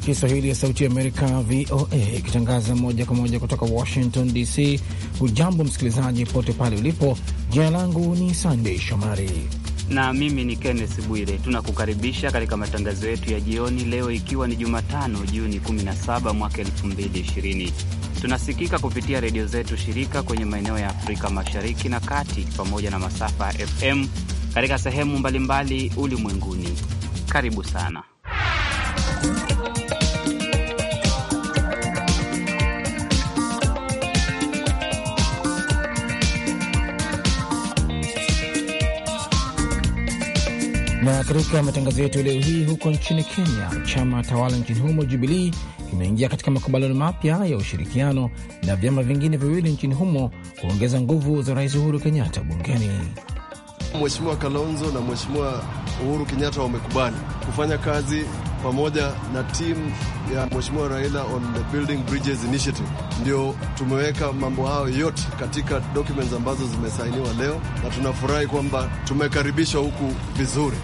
ya Kiswahili ya Sauti Amerika, VOA, ikitangaza moja kwa moja kutoka Washington DC. Hujambo msikilizaji pote pale ulipo. Jina langu ni Sandey Shomari na mimi ni Kenneth Bwire. Tunakukaribisha katika matangazo yetu ya jioni leo, ikiwa ni Jumatano Juni 17 mwaka 2020. Tunasikika kupitia redio zetu shirika kwenye maeneo ya Afrika Mashariki na Kati, pamoja na masafa ya FM katika sehemu mbalimbali ulimwenguni. Karibu sana Na katika matangazo yetu leo hii, huko nchini Kenya, chama tawala nchini humo Jubilii kimeingia katika makubaliano mapya ya ushirikiano na vyama vingine viwili nchini humo kuongeza nguvu za Rais Uhuru Kenyatta bungeni. Mheshimiwa Kalonzo na Mheshimiwa Uhuru Kenyatta wamekubali kufanya kazi pamoja na timu ya Mheshimiwa Raila on the Building Bridges Initiative, ndio tumeweka mambo hayo yote katika documents ambazo zimesainiwa leo, na tunafurahi kwamba tumekaribishwa huku vizuri.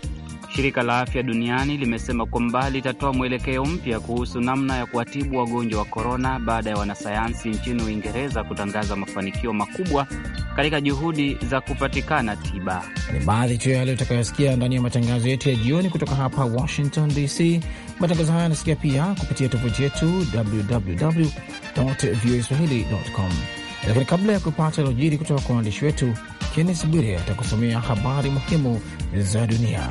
Shirika la Afya Duniani limesema kwamba litatoa mwelekeo mpya kuhusu namna ya kuwatibu wagonjwa wa korona baada ya wanasayansi nchini Uingereza kutangaza mafanikio makubwa katika juhudi za kupatikana tiba. Ni baadhi tu yale utakayosikia ndani ya matangazo yetu ya jioni kutoka hapa Washington DC. Matangazo haya yanasikia pia kupitia tovuti yetu www voa Lakini kabla ya kupata lojiri kutoka kwa waandishi wetu, Kennes Bwire atakusomea habari muhimu za dunia.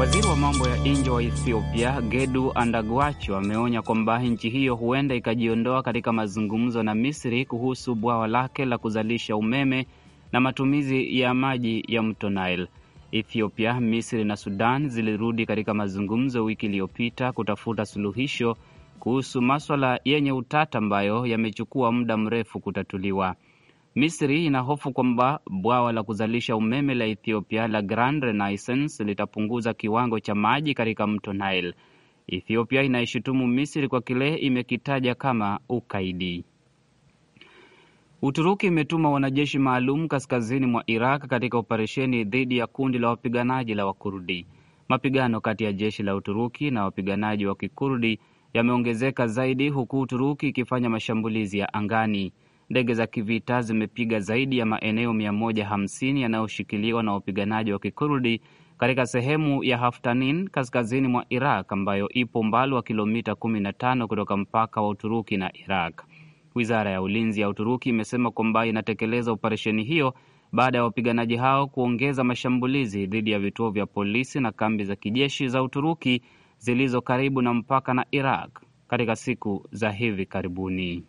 Waziri wa mambo ya nje wa Ethiopia Gedu Andagwacho ameonya kwamba nchi hiyo huenda ikajiondoa katika mazungumzo na Misri kuhusu bwawa lake la kuzalisha umeme na matumizi ya maji ya mto Nile. Ethiopia, Misri na Sudan zilirudi katika mazungumzo wiki iliyopita kutafuta suluhisho kuhusu maswala yenye utata ambayo yamechukua muda mrefu kutatuliwa. Misri inahofu kwamba bwawa la kuzalisha umeme la Ethiopia la Grand Renaissance litapunguza kiwango cha maji katika mto Nile. Ethiopia inaishutumu Misri kwa kile imekitaja kama ukaidi. Uturuki imetuma wanajeshi maalum kaskazini mwa Iraq katika operesheni dhidi ya kundi la wapiganaji la Wakurdi. Mapigano kati ya jeshi la Uturuki na wapiganaji wa Kikurdi yameongezeka zaidi huku Uturuki ikifanya mashambulizi ya angani. Ndege za kivita zimepiga zaidi ya maeneo 150 yanayoshikiliwa na wapiganaji wa Kikurdi katika sehemu ya Haftanin kaskazini mwa Iraq ambayo ipo umbali wa kilomita 15 kutoka mpaka wa Uturuki na Iraq. Wizara ya ulinzi ya Uturuki imesema kwamba inatekeleza operesheni hiyo baada ya wapiganaji hao kuongeza mashambulizi dhidi ya vituo vya polisi na kambi za kijeshi za Uturuki zilizo karibu na mpaka na Iraq katika siku za hivi karibuni.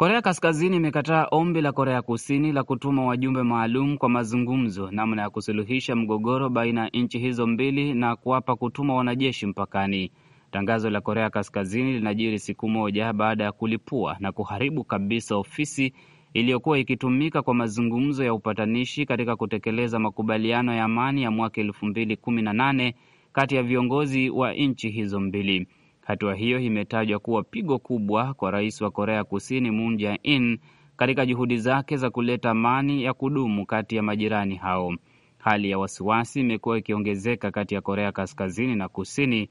Korea Kaskazini imekataa ombi la Korea Kusini la kutuma wajumbe maalum kwa mazungumzo namna ya kusuluhisha mgogoro baina ya nchi hizo mbili na kuapa kutuma wanajeshi mpakani. Tangazo la Korea Kaskazini linajiri siku moja baada ya kulipua na kuharibu kabisa ofisi iliyokuwa ikitumika kwa mazungumzo ya upatanishi katika kutekeleza makubaliano ya amani ya mwaka elfu mbili kumi na nane kati ya viongozi wa nchi hizo mbili. Hatua hiyo imetajwa kuwa pigo kubwa kwa rais wa Korea Kusini Moon Jae-in katika juhudi zake za kuleta amani ya kudumu kati ya majirani hao. Hali ya wasiwasi imekuwa ikiongezeka kati ya Korea Kaskazini na Kusini,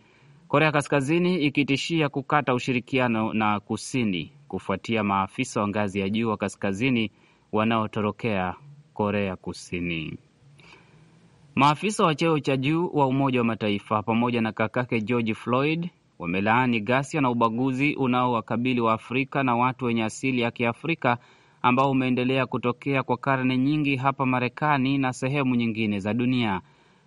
Korea Kaskazini ikitishia kukata ushirikiano na Kusini kufuatia maafisa wa ngazi ya juu wa Kaskazini wanaotorokea Korea Kusini. Maafisa wa cheo cha juu wa Umoja wa Mataifa pamoja na kakake George Floyd wamelaani ghasia na ubaguzi unaowakabili Waafrika na watu wenye asili ya Kiafrika ambao umeendelea kutokea kwa karne nyingi hapa Marekani na sehemu nyingine za dunia.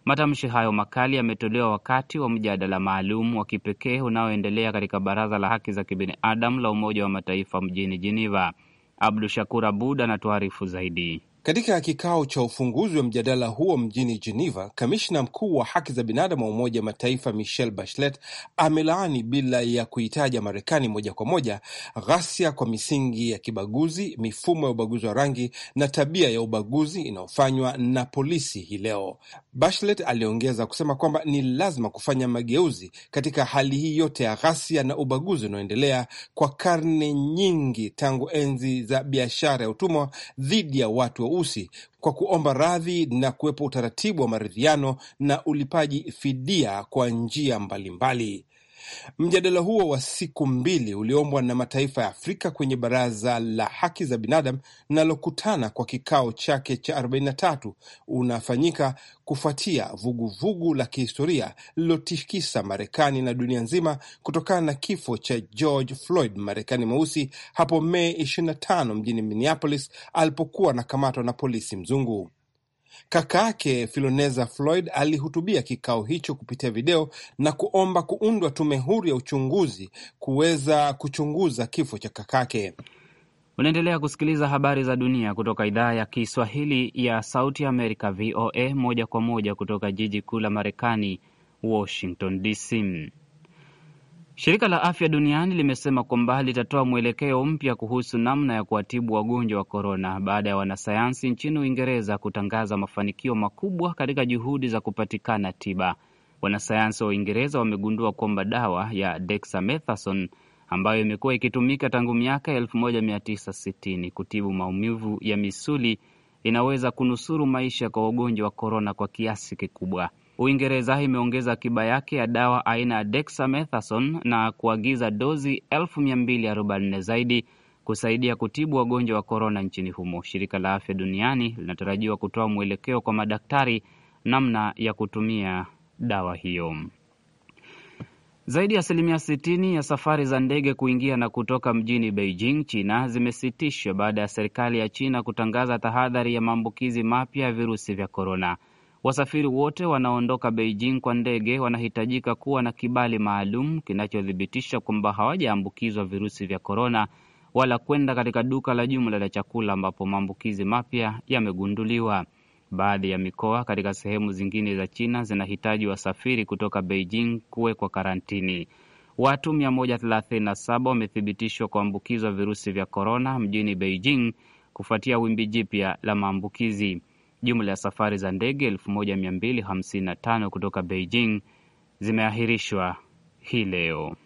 Matamshi hayo makali yametolewa wakati wa mjadala maalum wa kipekee unaoendelea katika Baraza la Haki za Kibinadamu la Umoja wa Mataifa mjini Jeneva. Abdu Shakur Abud anatuarifu zaidi. Katika kikao cha ufunguzi wa mjadala huo mjini Geneva, kamishna mkuu wa haki za binadamu wa Umoja wa Mataifa Michelle Bachelet amelaani bila ya kuitaja Marekani moja kwa moja ghasia kwa misingi ya kibaguzi, mifumo ya ubaguzi wa rangi na tabia ya ubaguzi inayofanywa na polisi hii leo. Bachelet aliongeza kusema kwamba ni lazima kufanya mageuzi katika hali hii yote ya ghasia na ubaguzi unaoendelea kwa karne nyingi tangu enzi za biashara ya utumwa dhidi ya watu weusi wa kwa kuomba radhi na kuwepo utaratibu wa maridhiano na ulipaji fidia kwa njia mbalimbali. Mjadala huo wa siku mbili uliombwa na mataifa ya Afrika kwenye Baraza la Haki za Binadamu linalokutana kwa kikao chake cha 43 unafanyika kufuatia vuguvugu la kihistoria lililotikisa Marekani na dunia nzima kutokana na kifo cha George Floyd, Marekani mweusi hapo Mei 25 mjini Minneapolis alipokuwa anakamatwa na polisi mzungu. Kakake Filoneza Floyd alihutubia kikao hicho kupitia video na kuomba kuundwa tume huru ya uchunguzi kuweza kuchunguza kifo cha kakake. Unaendelea kusikiliza habari za dunia kutoka idhaa ya Kiswahili ya Sauti Amerika, VOA, moja kwa moja kutoka jiji kuu la Marekani, Washington DC. Shirika la Afya Duniani limesema kwamba litatoa mwelekeo mpya kuhusu namna ya kuwatibu wagonjwa wa korona baada ya wanasayansi nchini Uingereza kutangaza mafanikio makubwa katika juhudi za kupatikana tiba. Wanasayansi wa Uingereza wamegundua kwamba dawa ya dexamethasone ambayo imekuwa ikitumika tangu miaka 1960 kutibu maumivu ya misuli inaweza kunusuru maisha kwa wagonjwa wa korona kwa kiasi kikubwa. Uingereza imeongeza akiba yake ya dawa aina ya dexamethasone na kuagiza dozi 1244 zaidi kusaidia kutibu wagonjwa wa korona nchini humo. Shirika la Afya Duniani linatarajiwa kutoa mwelekeo kwa madaktari namna ya kutumia dawa hiyo. Zaidi ya asilimia 60 ya safari za ndege kuingia na kutoka mjini Beijing, China, zimesitishwa baada ya serikali ya China kutangaza tahadhari ya maambukizi mapya ya virusi vya korona. Wasafiri wote wanaondoka Beijing kwa ndege wanahitajika kuwa na kibali maalum kinachothibitisha kwamba hawajaambukizwa virusi vya korona, wala kwenda katika duka la jumla la chakula ambapo maambukizi mapya yamegunduliwa. Baadhi ya mikoa katika sehemu zingine za China zinahitaji wasafiri kutoka Beijing kuwekwa karantini. Watu 137 wamethibitishwa kuambukizwa virusi vya korona mjini Beijing kufuatia wimbi jipya la maambukizi. Jumla ya safari za ndege 1255 kutoka Beijing zimeahirishwa hii leo.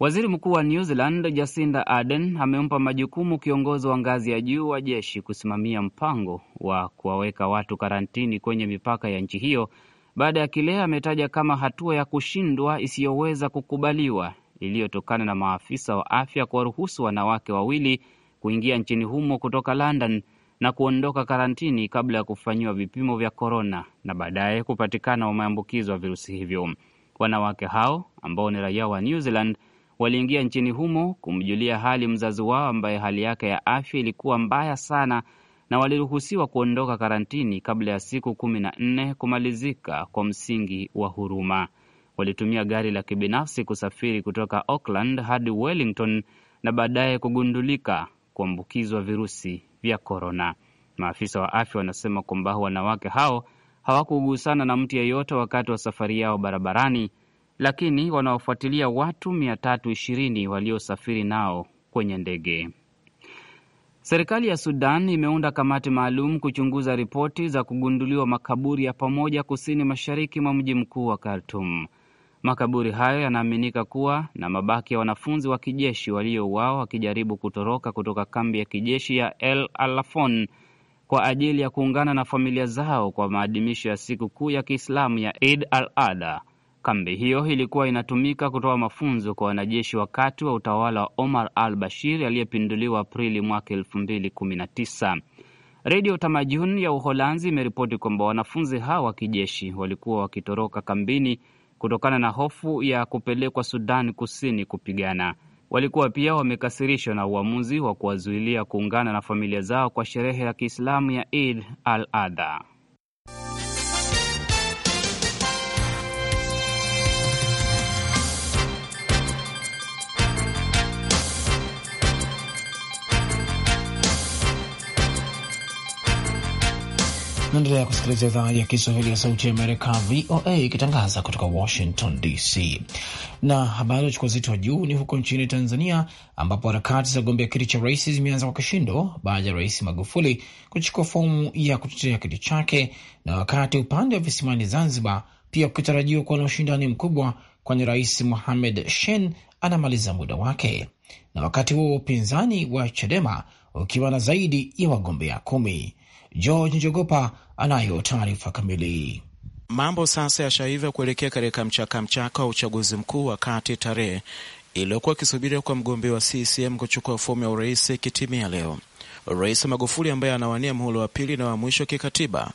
Waziri Mkuu wa New Zealand Jacinda Ardern amempa majukumu kiongozi wa ngazi ya juu wa jeshi kusimamia mpango wa kuwaweka watu karantini kwenye mipaka ya nchi hiyo baada ya kile ametaja kama hatua ya kushindwa isiyoweza kukubaliwa iliyotokana na maafisa wa afya kuwaruhusu wanawake wawili kuingia nchini humo kutoka London na kuondoka karantini kabla ya kufanyiwa vipimo vya korona na baadaye kupatikana wameambukizwa virusi hivyo. Wanawake hao ambao ni raia wa New Zealand waliingia nchini humo kumjulia hali mzazi wao ambaye hali yake ya afya ilikuwa mbaya sana, na waliruhusiwa kuondoka karantini kabla ya siku kumi na nne kumalizika kwa msingi wa huruma. Walitumia gari la kibinafsi kusafiri kutoka Auckland hadi Wellington na baadaye kugundulika kuambukizwa virusi vya korona. Maafisa wa afya wanasema kwamba wanawake hao hawakugusana na mtu yeyote wakati wa safari yao barabarani, lakini wanaofuatilia watu 320 waliosafiri nao kwenye ndege. Serikali ya Sudan imeunda kamati maalum kuchunguza ripoti za kugunduliwa makaburi ya pamoja kusini mashariki mwa mji mkuu wa Khartum. Makaburi hayo yanaaminika kuwa na mabaki ya wanafunzi wa kijeshi waliouawa wakijaribu kutoroka kutoka kambi ya kijeshi ya El Alafon kwa ajili ya kuungana na familia zao kwa maadhimisho ya siku kuu ya Kiislamu ya id al-Adha. Kambi hiyo ilikuwa inatumika kutoa mafunzo kwa wanajeshi wakati wa utawala wa Omar al-Bashir aliyepinduliwa Aprili mwaka tisa. Redio Tamajun ya Uholanzi imeripoti kwamba wanafunzi hao wa kijeshi walikuwa wakitoroka kambini kutokana na hofu ya kupelekwa sudani Kusini kupigana. Walikuwa pia wamekasirishwa na uamuzi wa kuwazuilia kuungana na familia zao kwa sherehe ya Kiislamu ya id al-Adha. Naendelea kusikiliza idhaa ya Kiswahili ya Sauti ya Amerika, VOA, ikitangaza kutoka Washington DC. Na habari uchukua uzito wa juu ni huko nchini Tanzania, ambapo harakati za kugombea kiti cha rais zimeanza kwa kishindo baada ya Rais Magufuli kuchukua fomu ya kutetea kiti chake, na wakati upande wa visimani Zanzibar pia kukitarajiwa kuwa na ushindani mkubwa, kwani Rais Mohamed Shein anamaliza muda wake, na wakati huo upinzani wa Chadema ukiwa na zaidi ya wagombea kumi. George Njogopa anayo taarifa kamili. Mambo sasa yashaiva kuelekea katika mchakamchaka wa uchaguzi mkuu, wakati tarehe iliyokuwa ikisubiriwa kwa mgombea wa CCM kuchukua fomu ya urais ikitimia leo. Rais Magufuli ambaye anawania muhula wa pili na wa mwisho kikatiba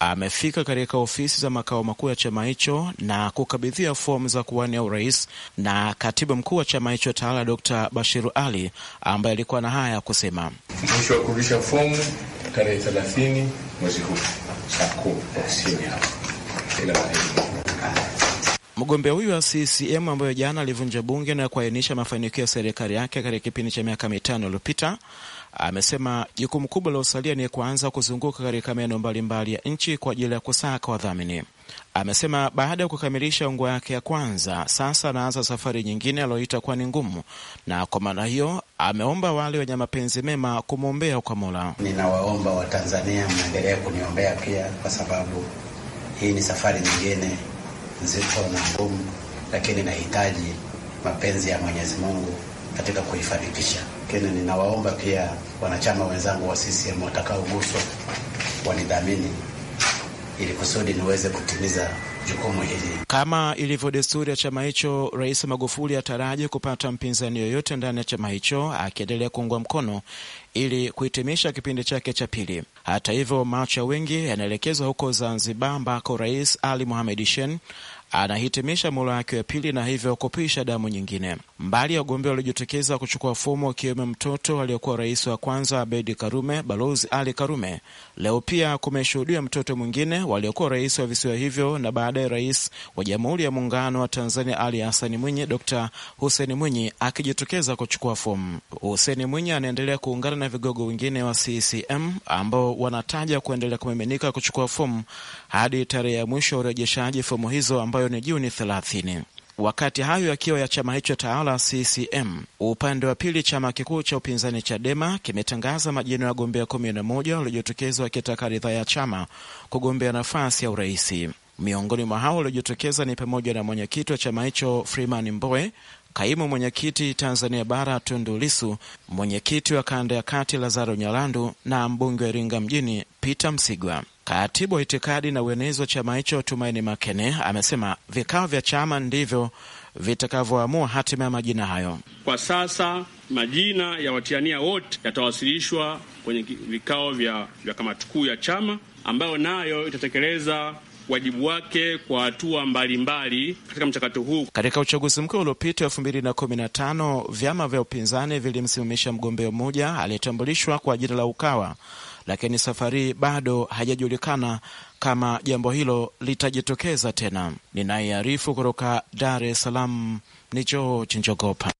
amefika katika ofisi za makao makuu ya chama hicho na kukabidhia fomu za kuwania urais na katibu mkuu wa chama hicho tawala Dr. Bashiru Ali ambaye alikuwa na haya ya kusema: mwisho wa kurudisha fomu tarehe 30 mwezi huu. Mgombea huyu wa CCM ambayo jana alivunja bunge na kuainisha mafanikio ya serikali yake katika kipindi cha miaka mitano iliyopita amesema jukumu kubwa la usalia ni kuanza kuzunguka katika maeneo mbalimbali ya nchi kwa ajili ya kusaka wadhamini. Amesema baada ya kukamilisha ungo yake ya kwanza, sasa anaanza safari nyingine aliyoita kuwa ni ngumu, na kwa maana hiyo ameomba wale wenye mapenzi mema kumwombea kwa Mola. Ninawaomba Watanzania mnaendelea kuniombea pia, kwa sababu hii ni safari nyingine nzito na ngumu, lakini nahitaji mapenzi ya Mwenyezi Mungu katika kuifanikisha. Lakini ninawaomba pia wanachama wenzangu wa CCM watakaoguswa wanidhamini ili kusudi niweze kutimiza jukumu hili. Kama ilivyo desturi ya chama hicho, Rais Magufuli ataraji kupata mpinzani yoyote ndani ya chama hicho akiendelea kuungwa mkono ili kuhitimisha kipindi chake cha pili. Hata hivyo, macho ya wengi yanaelekezwa huko Zanzibar, ambako Rais Ali Mohamed Shein anahitimisha mula wake wa pili na hivyo kupisha damu nyingine. Mbali ya wagombea waliojitokeza kuchukua fomu wakiwemo mtoto aliyekuwa rais wa kwanza Abedi Karume, Balozi Ali Karume, leo pia kumeshuhudia mtoto mwingine waliokuwa rais wa visiwa hivyo na baadaye rais wa Jamhuri ya Muungano wa Tanzania Ali hasani Mwinyi, d Hussein Mwinyi akijitokeza kuchukua fomu. huseni Mwinyi anaendelea kuungana na vigogo wengine wa CCM ambao wanataja kuendelea kumiminika kuchukua fomu hadi tarehe ya mwisho wa urejeshaji fomu hizo ambayo ni Juni 3hi0 Wakati hayo yakiwa ya chama hicho tawala CCM, upande wa pili chama kikuu cha upinzani Chadema kimetangaza majina ya wagombea 11 waliojitokeza wakitaka ridhaa ya chama kugombea nafasi ya uraisi. Miongoni mwa hao waliojitokeza ni pamoja na mwenyekiti wa chama hicho Freeman Mbowe, kaimu mwenyekiti Tanzania Bara Tundu Lisu, mwenyekiti wa kanda ya kati Lazaro Nyalandu na mbunge wa Iringa Mjini Peter Msigwa. Katibu wa itikadi na uenezi wa chama hicho Tumaini Makene amesema vikao vya chama ndivyo vitakavyoamua hatima ya majina hayo. Kwa sasa majina ya watiania wote yatawasilishwa kwenye vikao vya, vya kamati kuu ya chama ambayo nayo itatekeleza wajibu wake kwa hatua mbalimbali katika mchakato huu. Katika uchaguzi mkuu uliopita elfu mbili na kumi na tano vyama vya upinzani vilimsimamisha mgombea mmoja aliyetambulishwa kwa jina la Ukawa, lakini safari bado hajajulikana kama jambo hilo litajitokeza tena. Ninayearifu kutoka Dar es Salaam ni Joo Njogopa.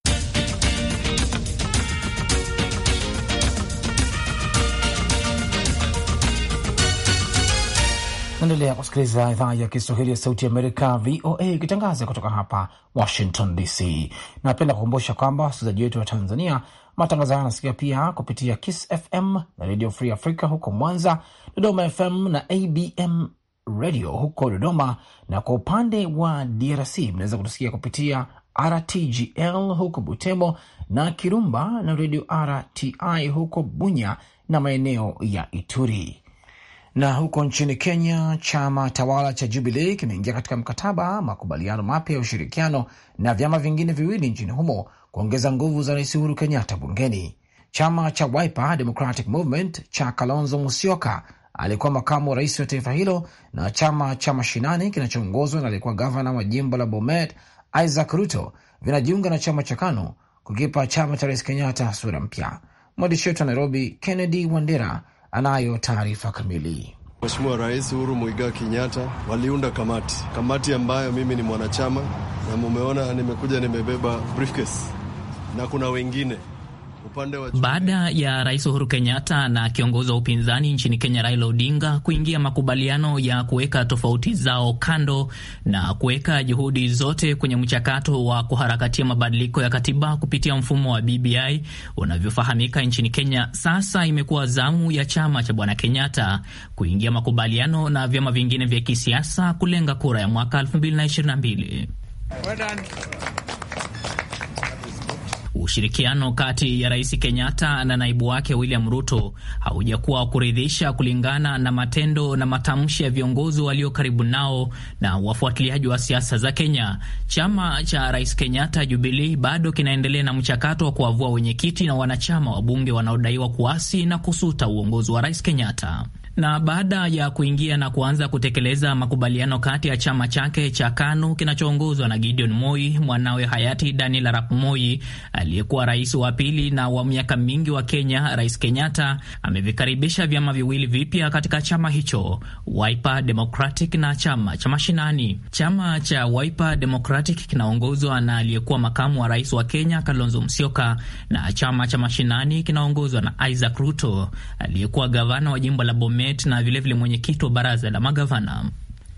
Unaendelea kusikiliza idhaa ya Kiswahili ya Sauti Amerika, VOA, ikitangaza kutoka hapa Washington DC. Napenda kukumbusha kwamba wasikilizaji wetu wa Tanzania, matangazo haya yanasikia pia kupitia Kiss FM na Radio Free Africa huko Mwanza, Dodoma FM na ABM Radio huko Dodoma, na kwa upande wa DRC mnaweza kutusikia kupitia RTGL huko Butembo na Kirumba na Radio RTI huko Bunya na maeneo ya Ituri. Na huko nchini Kenya, chama tawala cha Jubilii kimeingia katika mkataba makubaliano mapya ya ushirikiano na vyama vingine viwili nchini humo kuongeza nguvu za Rais Uhuru Kenyatta bungeni. Chama cha Wiper Democratic Movement cha Kalonzo Musyoka alikuwa makamu wa rais wa taifa hilo na chama cha Mashinani kinachoongozwa na aliyekuwa gavana wa jimbo la Bomet Isaac Ruto vinajiunga na chama cha KANU kukipa chama cha Rais Kenyatta sura mpya. Mwandishi wetu wa Nairobi Kennedy Wandera anayo taarifa kamili. Mheshimiwa Rais Uhuru Muigai Kenyatta waliunda kamati, kamati ambayo mimi ni mwanachama, na mumeona nimekuja nimebeba briefcase na kuna wengine baada ya Rais Uhuru Kenyatta na kiongozi wa upinzani nchini Kenya Raila Odinga kuingia makubaliano ya kuweka tofauti zao kando na kuweka juhudi zote kwenye mchakato wa kuharakatia mabadiliko ya katiba kupitia mfumo wa BBI unavyofahamika nchini Kenya. Sasa imekuwa zamu ya chama cha Bwana Kenyatta kuingia makubaliano na vyama vingine vya kisiasa kulenga kura ya mwaka 2022. Ushirikiano kati ya Rais Kenyatta na naibu wake William Ruto haujakuwa wa kuridhisha kulingana na matendo na matamshi ya viongozi walio karibu nao na wafuatiliaji wa siasa za Kenya. Chama cha Rais Kenyatta, Jubilii, bado kinaendelea na mchakato wa kuwavua wenyekiti na wanachama wa bunge wanaodaiwa kuasi na kusuta uongozi wa Rais Kenyatta. Na baada ya kuingia na kuanza kutekeleza makubaliano kati ya chama chake cha KANU kinachoongozwa na Gideon Moi, mwanawe hayati Daniel Arap Moi aliyekuwa rais wa pili na wa miaka mingi wa Kenya, Rais Kenyatta amevikaribisha vyama viwili vipya katika chama hicho, Wiper Democratic na chama cha mashinani. Chama cha Wiper Democratic kinaongozwa na aliyekuwa makamu wa rais wa Kenya Kalonzo Musyoka, na chama cha mashinani kinaongozwa na Isaac Ruto aliyekuwa gavana wa jimbo la Bomet Bonet na vilevile mwenyekiti wa baraza la magavana.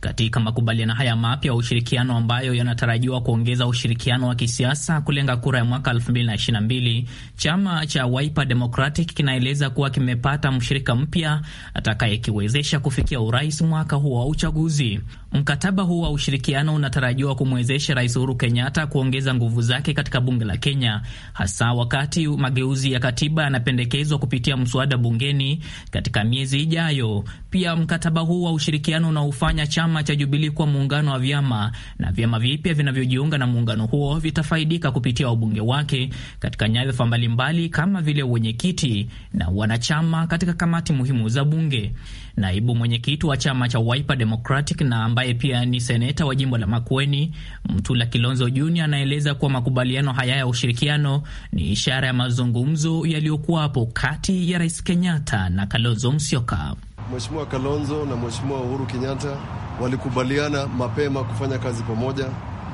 Katika makubaliano haya mapya wa ushirikiano ambayo yanatarajiwa kuongeza ushirikiano wa kisiasa kulenga kura ya mwaka 2022, chama cha Wiper Democratic kinaeleza kuwa kimepata mshirika mpya atakayekiwezesha kufikia urais mwaka huo wa uchaguzi. Mkataba huu wa ushirikiano unatarajiwa kumwezesha Rais Uhuru Kenyatta kuongeza nguvu zake katika bunge la Kenya, hasa wakati mageuzi ya katiba yanapendekezwa kupitia mswada bungeni katika miezi ijayo. Pia mkataba huu wa ushirikiano unaofanya chama cha Jubilii kuwa muungano wa vyama na vyama vipya vinavyojiunga na muungano huo vitafaidika kupitia wabunge wake katika nyadhifa mbalimbali kama vile wenyekiti na wanachama katika kamati muhimu za bunge. Naibu mwenyekiti wa chama cha Wiper Democratic na ambaye pia ni seneta wa jimbo la Makueni, Mtula Kilonzo Jr, anaeleza kuwa makubaliano haya ya ushirikiano ni ishara ya mazungumzo yaliyokuwapo kati ya Rais Kenyatta na Kalonzo Musyoka. Mheshimiwa Kalonzo na Mheshimiwa Uhuru Kenyatta walikubaliana mapema kufanya kazi pamoja.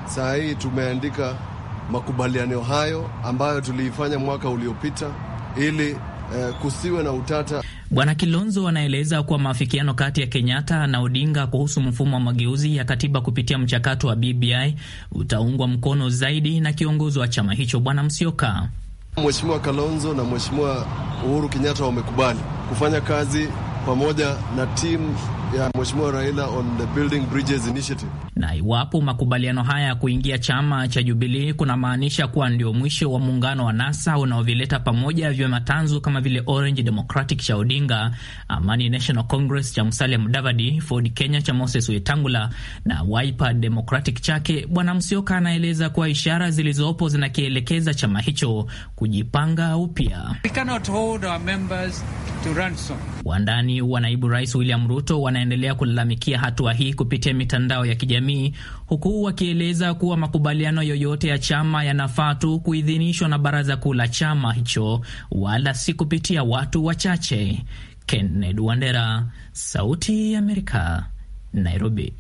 Saa hii tumeandika makubaliano hayo ambayo tuliifanya mwaka uliopita ili eh, kusiwe na utata. Bwana Kilonzo anaeleza kuwa maafikiano kati ya Kenyatta na Odinga kuhusu mfumo wa mageuzi ya katiba kupitia mchakato wa BBI utaungwa mkono zaidi na kiongozi wa chama hicho Bwana Msioka. Mheshimiwa Kalonzo na Mheshimiwa Uhuru Kenyatta wamekubali kufanya kazi pamoja na timu ya Mheshimiwa Raila on the Building Bridges Initiative. Na iwapo makubaliano haya ya kuingia chama cha jubilii kunamaanisha kuwa ndio mwisho wa muungano wa NASA unaovileta pamoja vyama tanzu kama vile Orange Democratic cha Odinga, Amani National Congress cha Musalia Mudavadi, Ford Kenya cha Moses Wetangula na Wiper Democratic chake Bwana Msioka, anaeleza kuwa ishara zilizopo zinakielekeza chama hicho kujipanga upya. Wandani wa naibu rais William Ruto wana wanaendelea kulalamikia hatua hii kupitia mitandao ya kijamii, huku wakieleza kuwa makubaliano yoyote ya chama yanafaa tu kuidhinishwa na baraza kuu la chama hicho, wala si kupitia watu wachache. Kenneth Wandera, Sauti ya Amerika, Nairobi.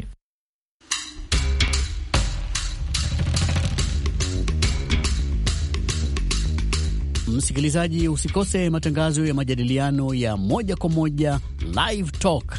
Msikilizaji, usikose matangazo ya majadiliano ya moja kwa moja Live Talk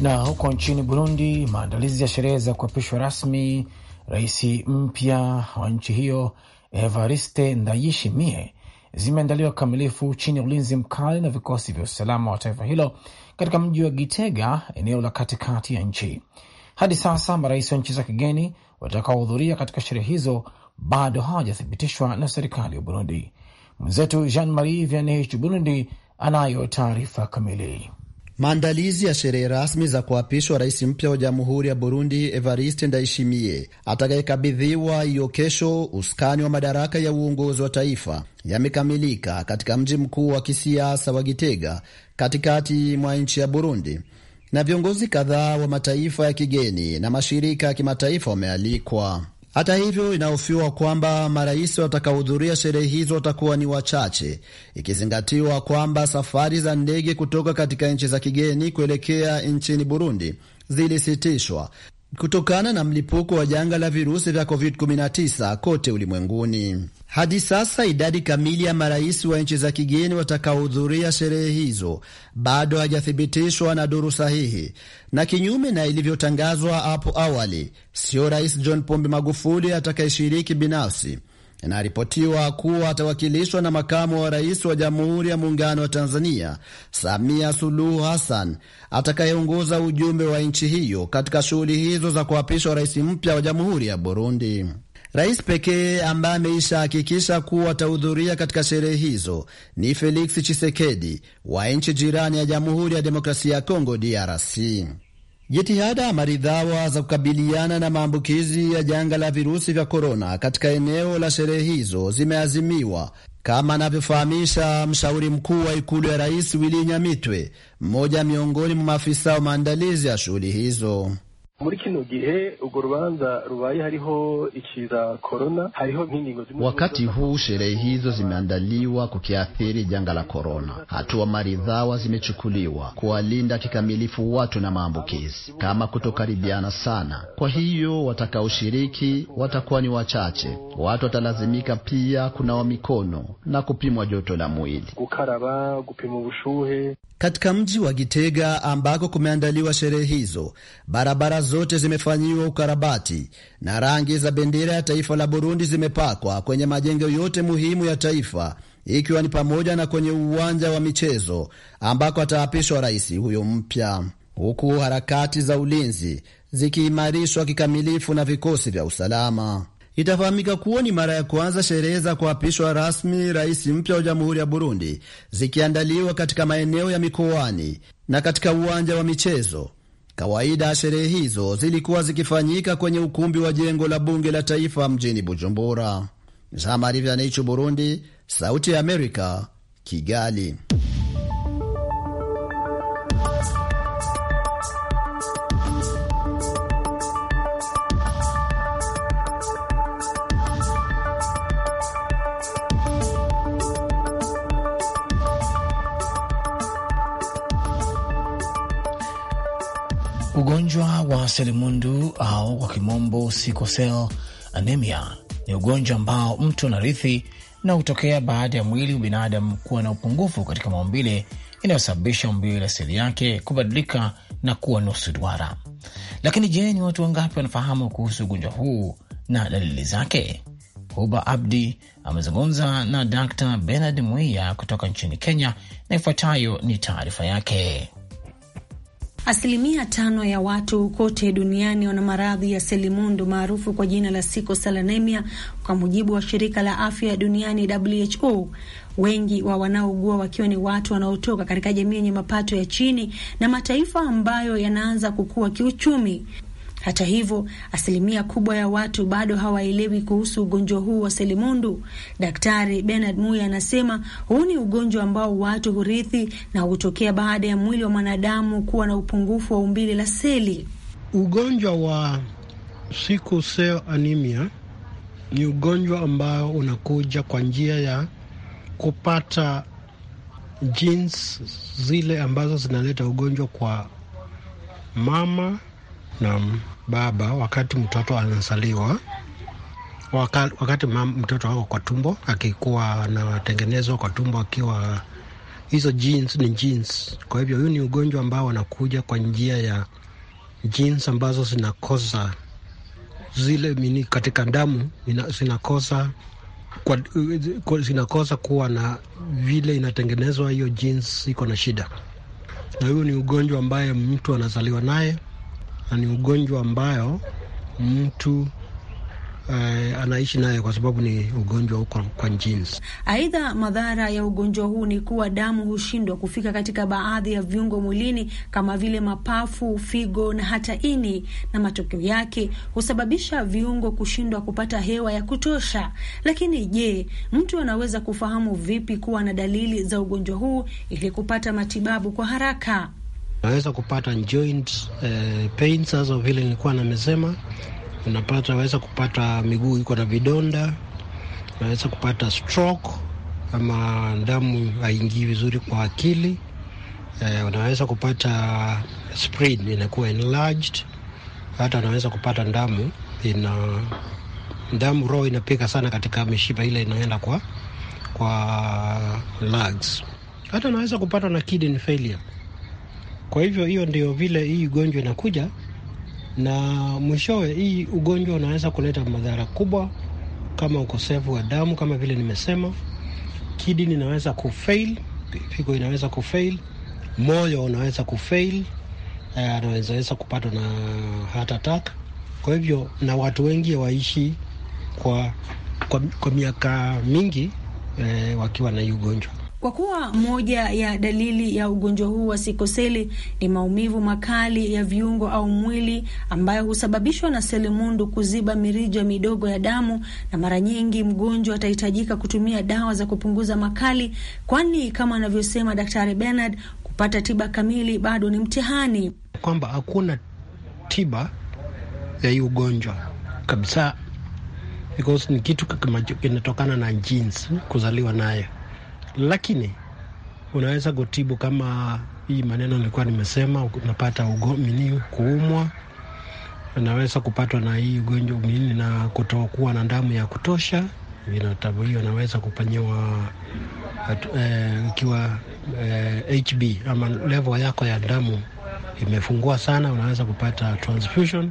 Na huko nchini Burundi, maandalizi ya sherehe za kuapishwa rasmi rais mpya wa nchi hiyo Evariste Ndayishimiye zimeandaliwa kikamilifu chini ya ulinzi mkali na vikosi vya usalama wa taifa hilo katika mji wa Gitega, eneo la katikati ya nchi. Hadi sasa marais wa nchi za kigeni watakaohudhuria katika sherehe hizo bado hawajathibitishwa na serikali ya Burundi. Mwenzetu Jean Marie Vianney Burundi anayo taarifa kamili. Maandalizi ya sherehe rasmi za kuapishwa rais mpya wa jamhuri ya Burundi, Evariste Ndayishimiye, atakayekabidhiwa hiyo kesho usukani wa madaraka ya uongozi wa taifa yamekamilika katika mji mkuu wa kisiasa wa Gitega, katikati mwa nchi ya Burundi, na viongozi kadhaa wa mataifa ya kigeni na mashirika ya kimataifa wamealikwa. Hata hivyo, inahofiwa kwamba marais watakaohudhuria sherehe hizo watakuwa ni wachache, ikizingatiwa kwamba safari za ndege kutoka katika nchi za kigeni kuelekea nchini Burundi zilisitishwa kutokana na mlipuko wa janga la virusi vya COVID-19 kote ulimwenguni. Hadi sasa idadi kamili ya marais wa nchi za kigeni watakaohudhuria sherehe hizo bado hajathibitishwa na duru sahihi, na kinyume na ilivyotangazwa hapo awali, sio Rais John Pombe Magufuli atakayeshiriki binafsi inaripotiwa kuwa atawakilishwa na makamu wa rais wa Jamhuri ya Muungano wa Tanzania, Samia Suluhu Hassan, atakayeongoza ujumbe wa nchi hiyo katika shughuli hizo za kuapishwa rais mpya wa Jamhuri ya Burundi. Rais pekee ambaye ameishahakikisha kuwa atahudhuria katika sherehe hizo ni Felix chisekedi wa nchi jirani ya Jamhuri ya Demokrasia ya Kongo, DRC. Jitihada maridhawa za kukabiliana na maambukizi ya janga la virusi vya korona katika eneo la sherehe hizo zimeazimiwa kama anavyofahamisha mshauri mkuu wa ikulu ya rais Wili Nyamitwe, mmoja miongoni mwa maafisa wa maandalizi ya shughuli hizo muri kino gihe urwo rubanza rubaye hariho ikiza korona hariho nkingo wakati huu sherehe hizo zimeandaliwa kukiathiri janga la korona. Hatua maridhawa zimechukuliwa kuwalinda kikamilifu watu na maambukizi kama kutokaribiana sana. Kwa hiyo watakaoshiriki watakuwa ni wachache. Watu watalazimika pia kunawa mikono na kupimwa joto la mwili, gupima ubushuhe. Katika mji wa Gitega ambako kumeandaliwa sherehe hizo, barabara zote zimefanyiwa ukarabati na rangi za bendera ya taifa la Burundi zimepakwa kwenye majengo yote muhimu ya taifa ikiwa ni pamoja na kwenye uwanja wa michezo ambako ataapishwa rais huyo mpya, huku harakati za ulinzi zikiimarishwa kikamilifu na vikosi vya usalama. Itafahamika kuwa ni mara ya kwanza sherehe za kuapishwa rasmi rais mpya wa jamhuri ya Burundi zikiandaliwa katika maeneo ya mikoani na katika uwanja wa michezo Kawaida sherehe hizo zilikuwa zikifanyika kwenye ukumbi wa jengo la bunge la taifa mjini Bujumbura. Jean Marie Burundi, Sauti ya Amerika, Kigali. Ugonjwa wa selimundu au kwa kimombo sikosel anemia ni ugonjwa ambao mtu anarithi na hutokea baada ya mwili wa binadamu kuwa na upungufu katika maumbile inayosababisha umbile la seli yake kubadilika na kuwa nusu duara. Lakini je, ni watu wangapi wanafahamu kuhusu ugonjwa huu na dalili zake? Huba Abdi amezungumza na Dr Benard Mwiya kutoka nchini Kenya na ifuatayo ni taarifa yake. Asilimia tano ya watu kote duniani wana maradhi ya selimundu maarufu kwa jina la siko salanemia kwa mujibu wa shirika la afya duniani WHO, wengi wa wanaougua wakiwa ni watu wanaotoka katika jamii yenye mapato ya chini na mataifa ambayo yanaanza kukua kiuchumi. Hata hivyo, asilimia kubwa ya watu bado hawaelewi kuhusu ugonjwa huu wa selimundu. Daktari Bernard Muya anasema huu ni ugonjwa ambao watu hurithi na hutokea baada ya mwili wa mwanadamu kuwa na upungufu wa umbile la seli. Ugonjwa wa sickle cell anemia ni ugonjwa ambao unakuja kwa njia ya kupata genes zile ambazo zinaleta ugonjwa kwa mama na baba wakati mtoto anazaliwa, wakati, wakati mtoto wako kwa tumbo akikuwa anatengenezwa kwa tumbo akiwa hizo genes ni genes. Kwa hivyo huyu ni ugonjwa ambao wanakuja kwa njia ya genes ambazo zinakosa zile mini katika damu zinakosa kwa, zinakosa kuwa na vile inatengenezwa hiyo genes iko na shida, na huyu ni ugonjwa ambaye mtu anazaliwa naye na ni ugonjwa ambayo mtu Uh, anaishi naye kwa sababu ni ugonjwa huko kwa genes. Aidha, madhara ya ugonjwa huu ni kuwa damu hushindwa kufika katika baadhi ya viungo mwilini kama vile mapafu, figo na hata ini, na matokeo yake husababisha viungo kushindwa kupata hewa ya kutosha. Lakini je, mtu anaweza kufahamu vipi kuwa na dalili za ugonjwa huu ili kupata matibabu kwa haraka? Naweza kupata joint eh, pain sasa vile nilikuwa namesema, unapata naweza kupata miguu iko na vidonda, naweza kupata stroke kama damu haingii vizuri kwa akili eh, unaweza kupata spleen inakuwa enlarged, hata unaweza kupata damu ina damu raw inapika sana katika mishipa ile inaenda kwa, kwa lungs. Hata unaweza kupata na kidney failure. Kwa hivyo hiyo ndio vile hii ugonjwa inakuja, na mwishowe hii ugonjwa unaweza kuleta madhara kubwa kama ukosefu wa damu, kama vile nimesema, kidney inaweza kufail, figo inaweza kufail, moyo unaweza kufail, eh, anawezaweza kupatwa na heart attack. Kwa hivyo na watu wengi waishi kwa, kwa, kwa miaka mingi eh, wakiwa na hii ugonjwa. Kwa kuwa moja ya dalili ya ugonjwa huu wa sikoseli ni maumivu makali ya viungo au mwili ambayo husababishwa na seli mundu kuziba mirija midogo ya damu, na mara nyingi mgonjwa atahitajika kutumia dawa za kupunguza makali, kwani kama anavyosema Daktari Bernard, kupata tiba kamili bado ni mtihani, kwamba hakuna tiba ya hii ugonjwa kabisa, because ni kitu kinatokana na jinsi kuzaliwa nayo lakini unaweza kutibu kama hii maneno nilikuwa nimesema, unapata ugomini kuumwa, unaweza kupatwa na hii ugonjwa mwilini na kutokuwa na damu ya kutosha vinatabu hiyo naweza kufanyiwa ikiwa eh, eh, HB ama level yako ya damu imefungua sana, unaweza kupata transfusion.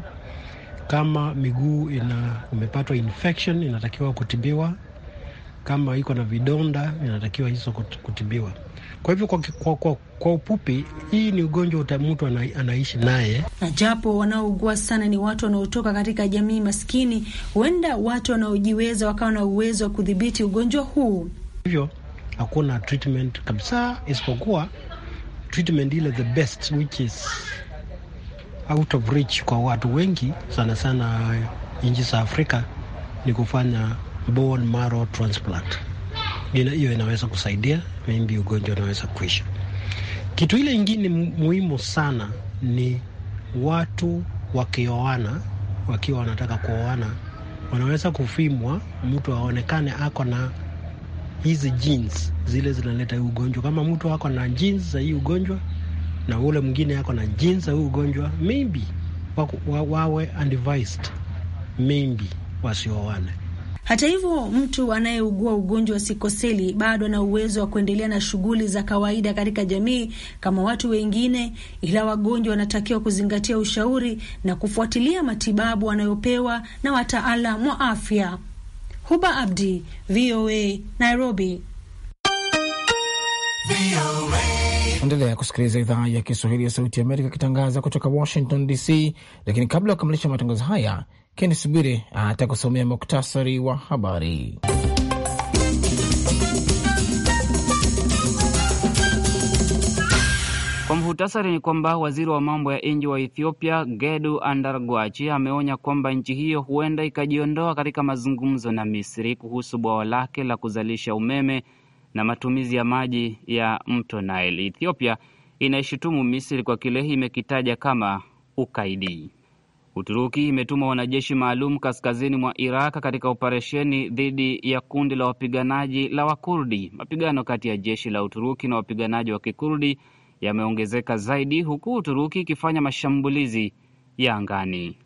Kama miguu ina umepatwa infection, inatakiwa kutibiwa kama iko na vidonda inatakiwa hizo kutibiwa. Kwa hivyo kwa, kwa, kwa, kwa upupi hii ni ugonjwa mtu ana, anaishi naye, na japo wanaougua sana ni watu wanaotoka katika jamii maskini, huenda watu wanaojiweza wakawa na uwezo wa kudhibiti ugonjwa huu. Hivyo hakuna treatment kabisa, isipokuwa treatment ile the best which is out of reach kwa watu wengi, sana sana nchi za Afrika ni kufanya bone marrow transplant. Hiyo inaweza kusaidia maybe ugonjwa unaweza kuisha. Kitu ile ingine muhimu sana ni watu wakioana, wakiwa wanataka kuoana, wanaweza kufimwa mtu aonekane ako na hizi genes zile zinaleta hii ugonjwa. Kama mtu ako na genes za hii ugonjwa na ule mwingine ako na genes za hii ugonjwa, maybe wawe undevised, maybe wasioane. Hata hivyo, mtu anayeugua ugonjwa wa sikoseli bado ana uwezo wa kuendelea na shughuli za kawaida katika jamii kama watu wengine, ila wagonjwa wanatakiwa kuzingatia ushauri na kufuatilia matibabu wanayopewa na wataalam wa afya. Huba Abdi, VOA, Nairobi. Endelea kusikiliza idhaa ya Kiswahili ya Sauti ya Amerika ikitangaza kutoka Washington DC, lakini kabla ya kukamilisha matangazo haya Kennes Bwire ah, atakusomea muktasari wa habari. Kwa muhtasari ni kwamba waziri wa mambo ya nje wa Ethiopia Gedu Andarguachi ameonya kwamba nchi hiyo huenda ikajiondoa katika mazungumzo na Misri kuhusu bwawa lake la kuzalisha umeme na matumizi ya maji ya mto Nile. Ethiopia inaishutumu Misri kwa kile imekitaja kama ukaidi. Uturuki imetuma wanajeshi maalum kaskazini mwa Iraq katika operesheni dhidi ya kundi la wapiganaji la Wakurdi. Mapigano kati ya jeshi la Uturuki na wapiganaji wa Kikurdi yameongezeka zaidi huku Uturuki ikifanya mashambulizi ya angani.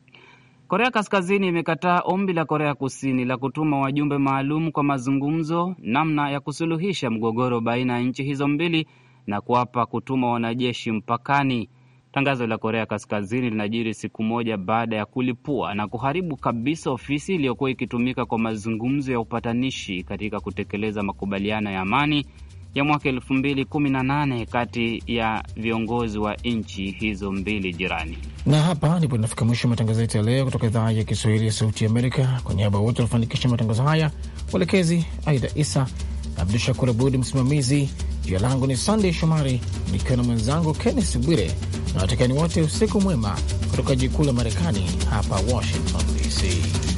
Korea Kaskazini imekataa ombi la Korea Kusini la kutuma wajumbe maalum kwa mazungumzo namna ya kusuluhisha mgogoro baina ya nchi hizo mbili na kuapa kutuma wanajeshi mpakani. Tangazo la Korea Kaskazini linajiri siku moja baada ya kulipua na kuharibu kabisa ofisi iliyokuwa ikitumika kwa mazungumzo ya upatanishi katika kutekeleza makubaliano ya amani ya mwaka 218 kati ya viongozi wa nchi hizo mbili jirani. Na hapa ndipo tunafika mwisho matangazo yetu ya leo kutoka idhaa ya Kiswahili ya Sauti Amerika. Kwa niaba wote wanafanikisha matangazo haya, mwelekezi Aida Isa. Abdu Shakur Abud msimamizi. Jina langu ni Sandey Shomari nikiwa na mwenzangu Kennes Bwire na watakani wote usiku mwema kutoka jikuu la Marekani hapa Washington DC.